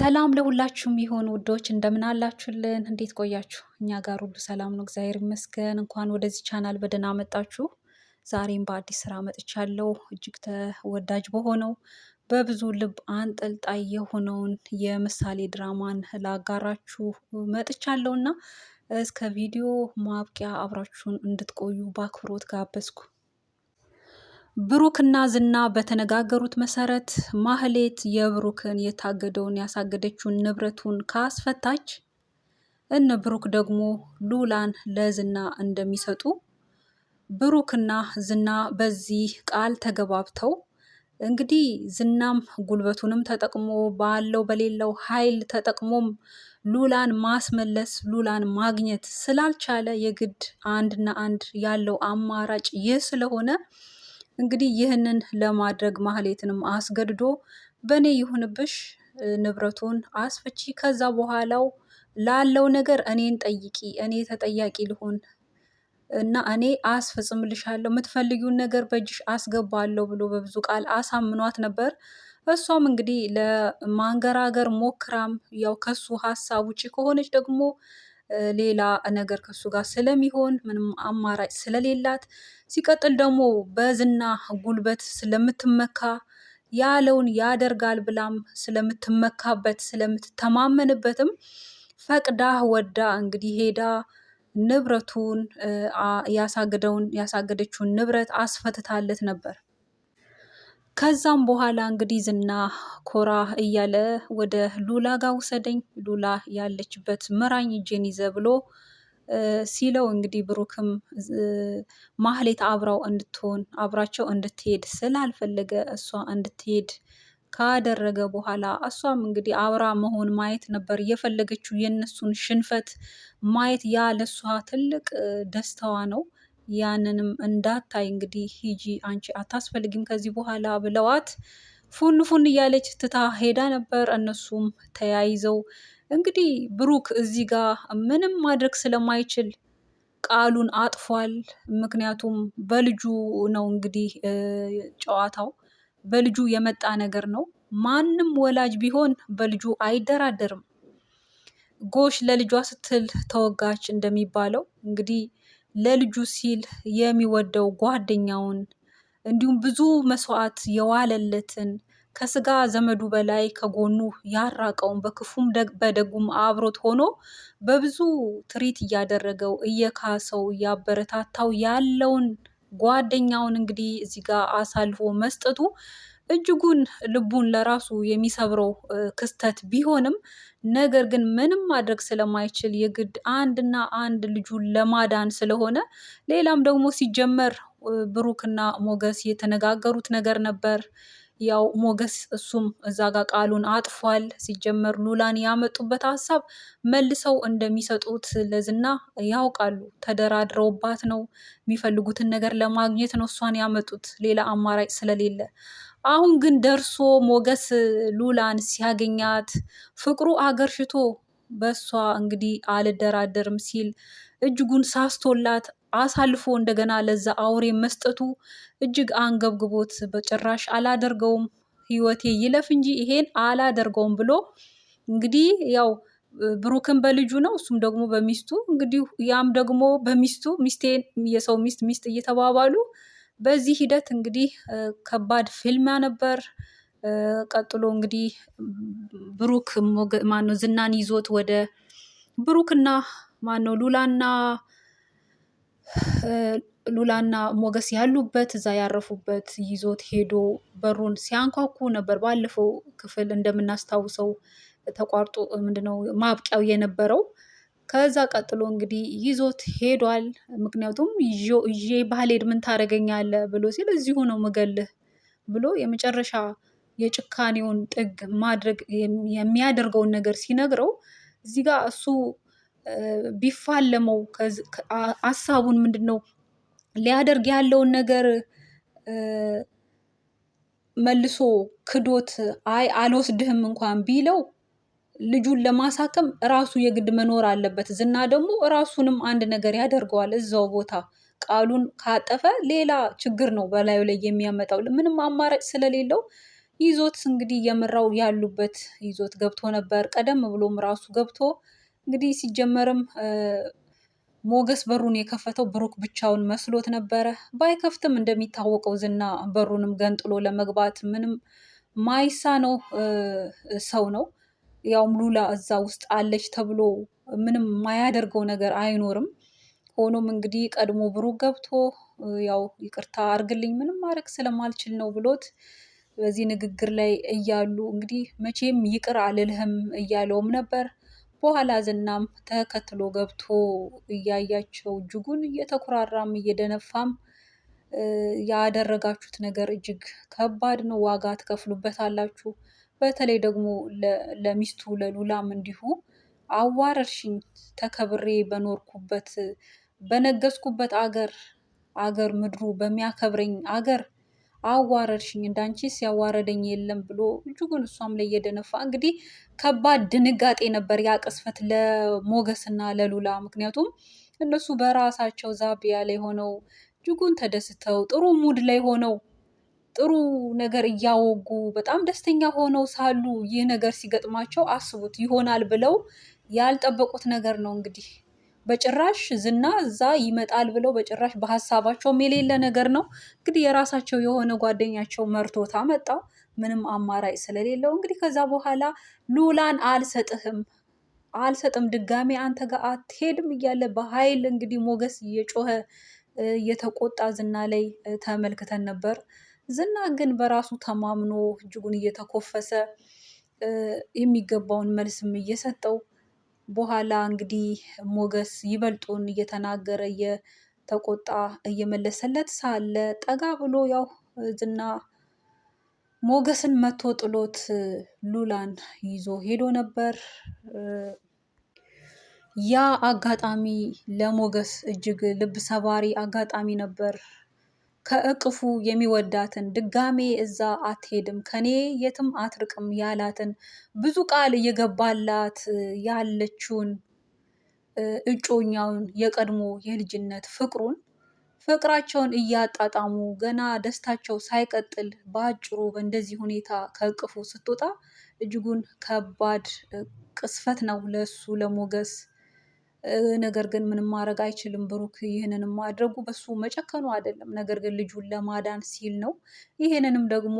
ሰላም ለሁላችሁም ይሁን ውዶች፣ እንደምን አላችሁልን? እንዴት ቆያችሁ? እኛ ጋር ሁሉ ሰላም ነው፣ እግዚአብሔር ይመስገን። እንኳን ወደዚህ ቻናል በደህና መጣችሁ። ዛሬም በአዲስ ስራ መጥቻለሁ። እጅግ ተወዳጅ በሆነው በብዙ ልብ አንጠልጣይ የሆነውን የምሳሌ ድራማን ላጋራችሁ መጥቻለሁ እና እስከ ቪዲዮ ማብቂያ አብራችሁን እንድትቆዩ በአክብሮት ጋበዝኩ። ብሩክና ዝና በተነጋገሩት መሰረት ማህሌት የብሩክን የታገደውን ያሳገደችውን ንብረቱን ካስፈታች እነ ብሩክ ደግሞ ሉላን ለዝና እንደሚሰጡ ብሩክና ዝና በዚህ ቃል ተገባብተው እንግዲህ ዝናም ጉልበቱንም ተጠቅሞ ባለው በሌለው ኃይል ተጠቅሞም ሉላን ማስመለስ ሉላን ማግኘት ስላልቻለ የግድ አንድና አንድ ያለው አማራጭ ይህ ስለሆነ እንግዲህ ይህንን ለማድረግ ማህሌትንም አስገድዶ በእኔ ይሁንብሽ ንብረቱን አስፍቺ፣ ከዛ በኋላው ላለው ነገር እኔን ጠይቂ፣ እኔ ተጠያቂ ልሆን እና እኔ አስፈጽምልሻለሁ፣ የምትፈልጊውን ነገር በእጅሽ አስገባለሁ ብሎ በብዙ ቃል አሳምኗት ነበር። እሷም እንግዲህ ለማንገራገር ሞክራም ያው ከሱ ሀሳብ ውጭ ከሆነች ደግሞ ሌላ ነገር ከሱ ጋር ስለሚሆን ምንም አማራጭ ስለሌላት፣ ሲቀጥል ደግሞ በዝና ጉልበት ስለምትመካ ያለውን ያደርጋል ብላም ስለምትመካበት ስለምትተማመንበትም ፈቅዳ ወዳ እንግዲህ ሄዳ ንብረቱን ያሳገደውን ያሳገደችውን ንብረት አስፈትታለት ነበር። ከዛም በኋላ እንግዲህ ዝና ኮራ እያለ ወደ ሉላ ጋር ውሰደኝ፣ ሉላ ያለችበት ምራኝ፣ እጄን ይዘ ብሎ ሲለው እንግዲህ ብሩክም ማህሌት አብራው እንድትሆን አብራቸው እንድትሄድ ስላልፈለገ እሷ እንድትሄድ ካደረገ በኋላ እሷም እንግዲህ አብራ መሆን ማየት ነበር የፈለገችው። የእነሱን ሽንፈት ማየት ያለሷ ትልቅ ደስታዋ ነው። ያንንም እንዳታይ እንግዲህ ሂጂ አንቺ አታስፈልጊም ከዚህ በኋላ ብለዋት ፉን ፉን እያለች ትታ ሄዳ ነበር። እነሱም ተያይዘው እንግዲህ ብሩክ እዚህ ጋር ምንም ማድረግ ስለማይችል ቃሉን አጥፏል። ምክንያቱም በልጁ ነው እንግዲህ ጨዋታው በልጁ የመጣ ነገር ነው። ማንም ወላጅ ቢሆን በልጁ አይደራደርም። ጎሽ ለልጇ ስትል ተወጋች እንደሚባለው እንግዲህ ለልጁ ሲል የሚወደው ጓደኛውን እንዲሁም ብዙ መስዋዕት የዋለለትን ከስጋ ዘመዱ በላይ ከጎኑ ያራቀውን በክፉም በደጉም አብሮት ሆኖ በብዙ ትርኢት እያደረገው እየካሰው እያበረታታው ያለውን ጓደኛውን እንግዲህ እዚህ ጋር አሳልፎ መስጠቱ እጅጉን ልቡን ለራሱ የሚሰብረው ክስተት ቢሆንም ነገር ግን ምንም ማድረግ ስለማይችል የግድ አንድና አንድ ልጁን ለማዳን ስለሆነ ሌላም ደግሞ ሲጀመር ብሩክና ሞገስ የተነጋገሩት ነገር ነበር። ያው ሞገስ እሱም እዛ ጋር ቃሉን አጥፏል። ሲጀመር ሉላን ያመጡበት ሀሳብ መልሰው እንደሚሰጡት ለዝና ያውቃሉ። ተደራድረውባት ነው የሚፈልጉትን ነገር ለማግኘት ነው እሷን ያመጡት ሌላ አማራጭ ስለሌለ አሁን ግን ደርሶ ሞገስ ሉላን ሲያገኛት ፍቅሩ አገርሽቶ በሷ እንግዲህ አልደራደርም ሲል እጅጉን ሳስቶላት አሳልፎ እንደገና ለዛ አውሬ መስጠቱ እጅግ አንገብግቦት በጭራሽ አላደርገውም ህይወቴ ይለፍ እንጂ ይሄን አላደርገውም ብሎ እንግዲህ ያው ብሩክን በልጁ ነው እሱም ደግሞ በሚስቱ እንግዲህ ያም ደግሞ በሚስቱ ሚስቴን የሰው ሚስት ሚስት እየተባባሉ በዚህ ሂደት እንግዲህ ከባድ ፊልሚያ ነበር። ቀጥሎ እንግዲህ ብሩክ ማነው ዝናን ይዞት ወደ ብሩክና ማነው ሉላና ሉላና ሞገስ ያሉበት እዛ ያረፉበት ይዞት ሄዶ በሩን ሲያንኳኩ ነበር። ባለፈው ክፍል እንደምናስታውሰው ተቋርጦ ምንድነው ማብቂያው የነበረው ከዛ ቀጥሎ እንግዲህ ይዞት ሄዷል። ምክንያቱም ይዤ ባልሄድ ምን ታደርገኛለህ ብሎ ሲል እዚሁ ነው ምገልህ ብሎ የመጨረሻ የጭካኔውን ጥግ ማድረግ የሚያደርገውን ነገር ሲነግረው እዚህ ጋር እሱ ቢፋለመው ሀሳቡን ምንድን ነው ሊያደርግ ያለውን ነገር መልሶ ክዶት አይ አልወስድህም እንኳን ቢለው ልጁን ለማሳከም ራሱ የግድ መኖር አለበት። ዝና ደግሞ ራሱንም አንድ ነገር ያደርገዋል እዛው ቦታ ቃሉን ካጠፈ ሌላ ችግር ነው በላዩ ላይ የሚያመጣው። ምንም አማራጭ ስለሌለው ይዞት እንግዲህ የምራው ያሉበት ይዞት ገብቶ ነበር። ቀደም ብሎም ራሱ ገብቶ እንግዲህ ሲጀመርም ሞገስ በሩን የከፈተው ብሩክ ብቻውን መስሎት ነበረ። ባይከፍትም እንደሚታወቀው ዝና በሩንም ገንጥሎ ለመግባት ምንም ማይሳ ነው ሰው ነው። ያውም ሉላ እዛ ውስጥ አለች ተብሎ ምንም የማያደርገው ነገር አይኖርም። ሆኖም እንግዲህ ቀድሞ ብሩ ገብቶ ያው ይቅርታ አርግልኝ ምንም ማድረግ ስለማልችል ነው ብሎት በዚህ ንግግር ላይ እያሉ እንግዲህ መቼም ይቅር አልልህም እያለውም ነበር። በኋላ ዝናም ተከትሎ ገብቶ እያያቸው እጅጉን እየተኩራራም እየደነፋም ያደረጋችሁት ነገር እጅግ ከባድ ነው፣ ዋጋ ትከፍሉበታላችሁ በተለይ ደግሞ ለሚስቱ ለሉላም እንዲሁ አዋረርሽኝ ተከብሬ በኖርኩበት በነገስኩበት አገር አገር ምድሩ በሚያከብረኝ አገር አዋረድሽኝ እንዳንቺ ያዋረደኝ የለም ብሎ እጅጉን እሷም ላይ እየደነፋ እንግዲህ ከባድ ድንጋጤ ነበር ያ ቅስፈት ለሞገስና ለሉላ። ምክንያቱም እነሱ በራሳቸው ዛቢያ ላይ ሆነው እጅጉን ተደስተው ጥሩ ሙድ ላይ ሆነው ጥሩ ነገር እያወጉ በጣም ደስተኛ ሆነው ሳሉ ይህ ነገር ሲገጥማቸው አስቡት። ይሆናል ብለው ያልጠበቁት ነገር ነው እንግዲህ በጭራሽ ዝና እዛ ይመጣል ብለው በጭራሽ በሀሳባቸውም የሌለ ነገር ነው። እንግዲህ የራሳቸው የሆነ ጓደኛቸው መርቶታ መጣው ምንም አማራጭ ስለሌለው እንግዲህ ከዛ በኋላ ሉላን አልሰጥህም አልሰጥም ድጋሜ አንተ ጋር አትሄድም እያለ በኃይል እንግዲህ ሞገስ እየጮኸ እየተቆጣ ዝና ላይ ተመልክተን ነበር። ዝና ግን በራሱ ተማምኖ እጅጉን እየተኮፈሰ የሚገባውን መልስም እየሰጠው በኋላ እንግዲህ ሞገስ ይበልጡን እየተናገረ እየተቆጣ እየመለሰለት ሳለ ጠጋ ብሎ ያው ዝና ሞገስን መቶ ጥሎት ሉላን ይዞ ሄዶ ነበር። ያ አጋጣሚ ለሞገስ እጅግ ልብ ሰባሪ አጋጣሚ ነበር። ከእቅፉ የሚወዳትን ድጋሜ እዛ አትሄድም ከኔ የትም አትርቅም ያላትን ብዙ ቃል እየገባላት ያለችውን እጮኛውን የቀድሞ የልጅነት ፍቅሩን ፍቅራቸውን እያጣጣሙ ገና ደስታቸው ሳይቀጥል በአጭሩ በእንደዚህ ሁኔታ ከእቅፉ ስትወጣ እጅጉን ከባድ ቅስፈት ነው ለሱ ለሞገስ። ነገር ግን ምንም ማድረግ አይችልም። ብሩክ ይህንን ማድረጉ በሱ መጨከኑ አይደለም፣ ነገር ግን ልጁን ለማዳን ሲል ነው። ይህንንም ደግሞ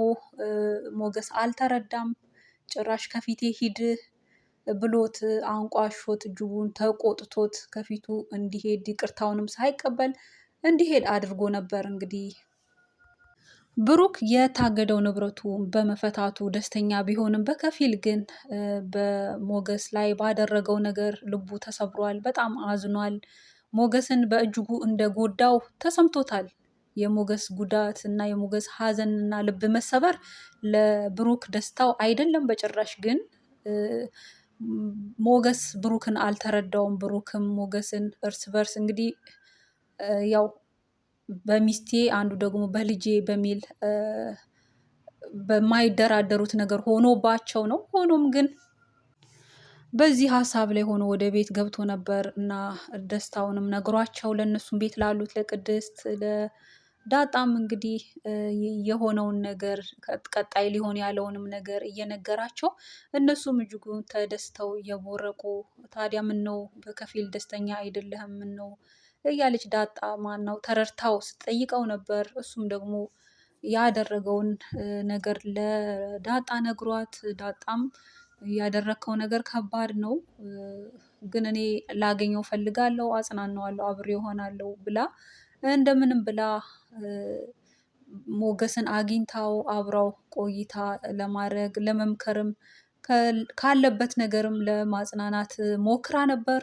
ሞገስ አልተረዳም። ጭራሽ ከፊቴ ሂድ ብሎት አንቋሾት እጅጉን ተቆጥቶት ከፊቱ እንዲሄድ ይቅርታውንም ሳይቀበል እንዲሄድ አድርጎ ነበር እንግዲህ ብሩክ የታገደው ንብረቱ በመፈታቱ ደስተኛ ቢሆንም በከፊል ግን በሞገስ ላይ ባደረገው ነገር ልቡ ተሰብሯል። በጣም አዝኗል። ሞገስን በእጅጉ እንደጎዳው ተሰምቶታል። የሞገስ ጉዳት እና የሞገስ ሐዘን እና ልብ መሰበር ለብሩክ ደስታው አይደለም በጭራሽ። ግን ሞገስ ብሩክን አልተረዳውም። ብሩክም ሞገስን እርስ በርስ እንግዲህ ያው በሚስቴ አንዱ ደግሞ በልጄ በሚል በማይደራደሩት ነገር ሆኖባቸው ነው። ሆኖም ግን በዚህ ሀሳብ ላይ ሆኖ ወደ ቤት ገብቶ ነበር እና ደስታውንም ነግሯቸው ለእነሱም ቤት ላሉት ለቅድስት ለዳጣም እንግዲህ የሆነውን ነገር ቀጣይ ሊሆን ያለውንም ነገር እየነገራቸው እነሱም እጅጉን ተደስተው እየቦረቁ ታዲያ ምን ነው በከፊል ደስተኛ አይደለህም? ምን ነው እያለች ዳጣ ነው ተረድታው ስትጠይቀው ነበር። እሱም ደግሞ ያደረገውን ነገር ለዳጣ ነግሯት፣ ዳጣም ያደረግከው ነገር ከባድ ነው፣ ግን እኔ ላገኘው ፈልጋለሁ፣ አጽናናዋለሁ፣ አብሬ እሆናለሁ ብላ እንደምንም ብላ ሞገስን አግኝታው አብራው ቆይታ ለማድረግ ለመምከርም ካለበት ነገርም ለማጽናናት ሞክራ ነበር።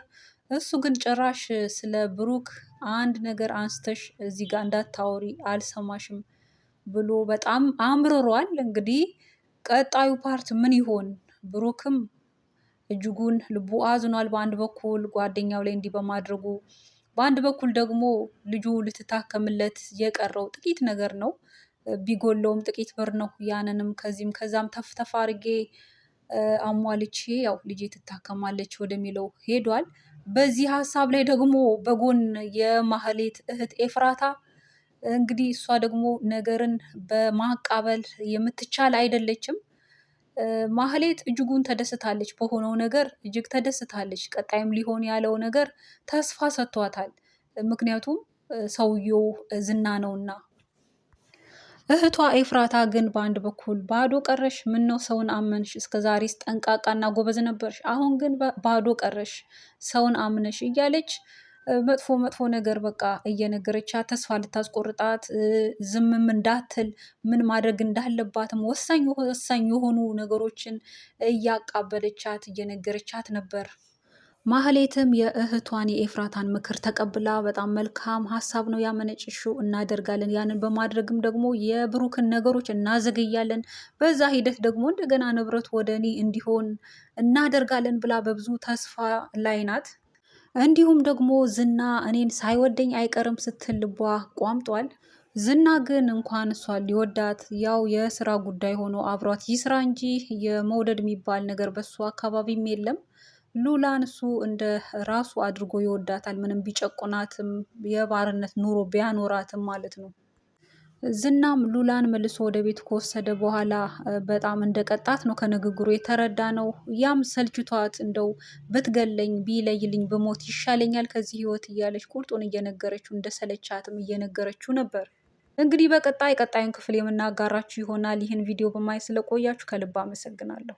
እሱ ግን ጭራሽ ስለ ብሩክ አንድ ነገር አንስተሽ እዚህ ጋር እንዳታወሪ አልሰማሽም ብሎ በጣም አምርሯል። እንግዲህ ቀጣዩ ፓርት ምን ይሆን? ብሩክም እጅጉን ልቡ አዝኗል። በአንድ በኩል ጓደኛው ላይ እንዲህ በማድረጉ፣ በአንድ በኩል ደግሞ ልጁ ልትታከምለት የቀረው ጥቂት ነገር ነው። ቢጎለውም ጥቂት ብር ነው። ያንንም ከዚህም ከዛም ተፍተፍ አድርጌ አሟልቼ ያው ልጄ ትታከማለች ወደሚለው ሄዷል። በዚህ ሀሳብ ላይ ደግሞ በጎን የማህሌት እህት ኤፍራታ እንግዲህ እሷ ደግሞ ነገርን በማቃበል የምትቻል አይደለችም። ማህሌት እጅጉን ተደስታለች። በሆነው ነገር እጅግ ተደስታለች። ቀጣይም ሊሆን ያለው ነገር ተስፋ ሰጥቷታል። ምክንያቱም ሰውየው ዝና ነውና እህቷ ኤፍራታ ግን በአንድ በኩል ባዶ ቀረሽ፣ ምነው ሰውን አመንሽ? እስከ ዛሬስ ጠንቃቃና ጎበዝ ነበርሽ፣ አሁን ግን ባዶ ቀረሽ፣ ሰውን አምነሽ እያለች መጥፎ መጥፎ ነገር በቃ እየነገረቻት ተስፋ ልታስቆርጣት ዝምም እንዳትል ምን ማድረግ እንዳለባትም ወሳኝ ወሳኝ የሆኑ ነገሮችን እያቃበለቻት እየነገረቻት ነበር። ማህሌትም የእህቷን የኤፍራታን ምክር ተቀብላ በጣም መልካም ሀሳብ ነው ያመነጭሽው፣ እናደርጋለን። ያንን በማድረግም ደግሞ የብሩክን ነገሮች እናዘግያለን። በዛ ሂደት ደግሞ እንደገና ንብረት ወደ እኔ እንዲሆን እናደርጋለን ብላ በብዙ ተስፋ ላይ ናት። እንዲሁም ደግሞ ዝና እኔን ሳይወደኝ አይቀርም ስትል ልቧ ቋምጧል። ዝና ግን እንኳን እሷ ሊወዳት ያው የስራ ጉዳይ ሆኖ አብሯት ይስራ እንጂ የመውደድ የሚባል ነገር በሱ አካባቢም የለም። ሉላን እሱ እንደ ራሱ አድርጎ ይወዳታል። ምንም ቢጨቁናትም የባርነት ኑሮ ቢያኖራትም ማለት ነው። ዝናም ሉላን መልሶ ወደ ቤት ከወሰደ በኋላ በጣም እንደ ቀጣት ነው ከንግግሩ የተረዳ ነው። ያም ሰልችቷት እንደው ብትገለኝ፣ ቢለይልኝ፣ ብሞት ይሻለኛል ከዚህ ህይወት እያለች ቁርጡን እየነገረችው እንደሰለቻትም እየነገረችው ነበር። እንግዲህ በቀጣይ ቀጣዩን ክፍል የምናጋራችሁ ይሆናል። ይህን ቪዲዮ በማየት ስለቆያችሁ ከልብ አመሰግናለሁ።